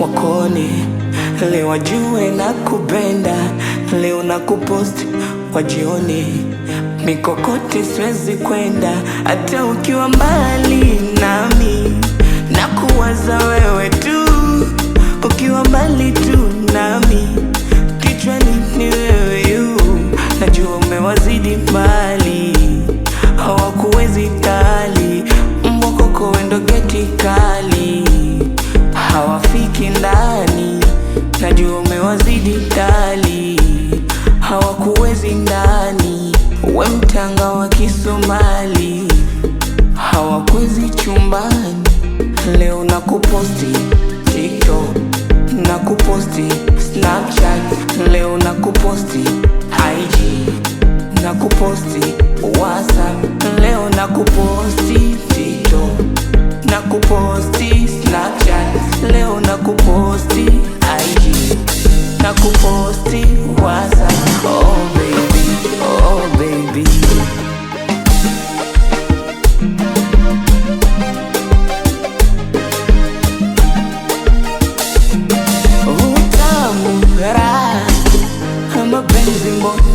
wakoni leo wajue na kupenda leo na kupost kwa jioni mikokote siwezi kwenda hata ukiwa mbali na hawakuwezi ndani, we mtanga wa Kisomali hawakuwezi chumbani. Leo na kuposti TikTok, na kuposti Snapchat, leo na kuposti IG, na kuposti WhatsApp, leo na kuposti TikTok, na kuposti Snapchat, leo nakuposti kuposti IG,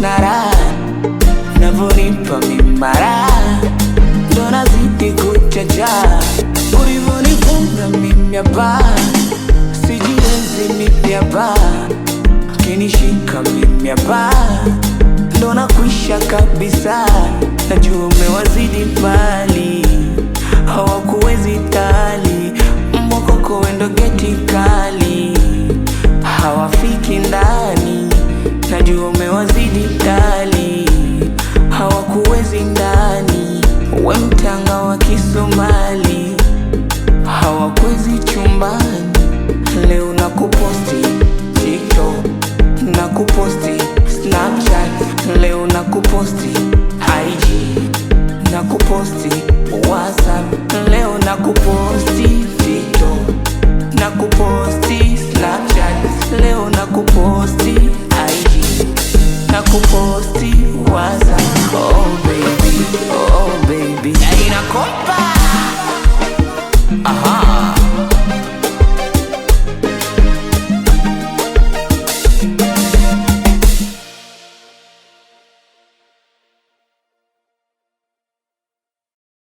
na raha navyonipa mimara ndo nazidi kuchacha ulivonifunga mimiaba sijiwezi mimiaba kinishika mimiaba ndo nakwisha kabisa najua umewazidi mbali hawakuwezi tali mradi umewazidi kali hawakuwezi ndani, we mtanga wa Kisomali, hawakuwezi chumbani. Leo na nakuposti TikTok, kuposti Snapchat, leo na kuposti IG, kuposti WhatsApp, leo kuposti post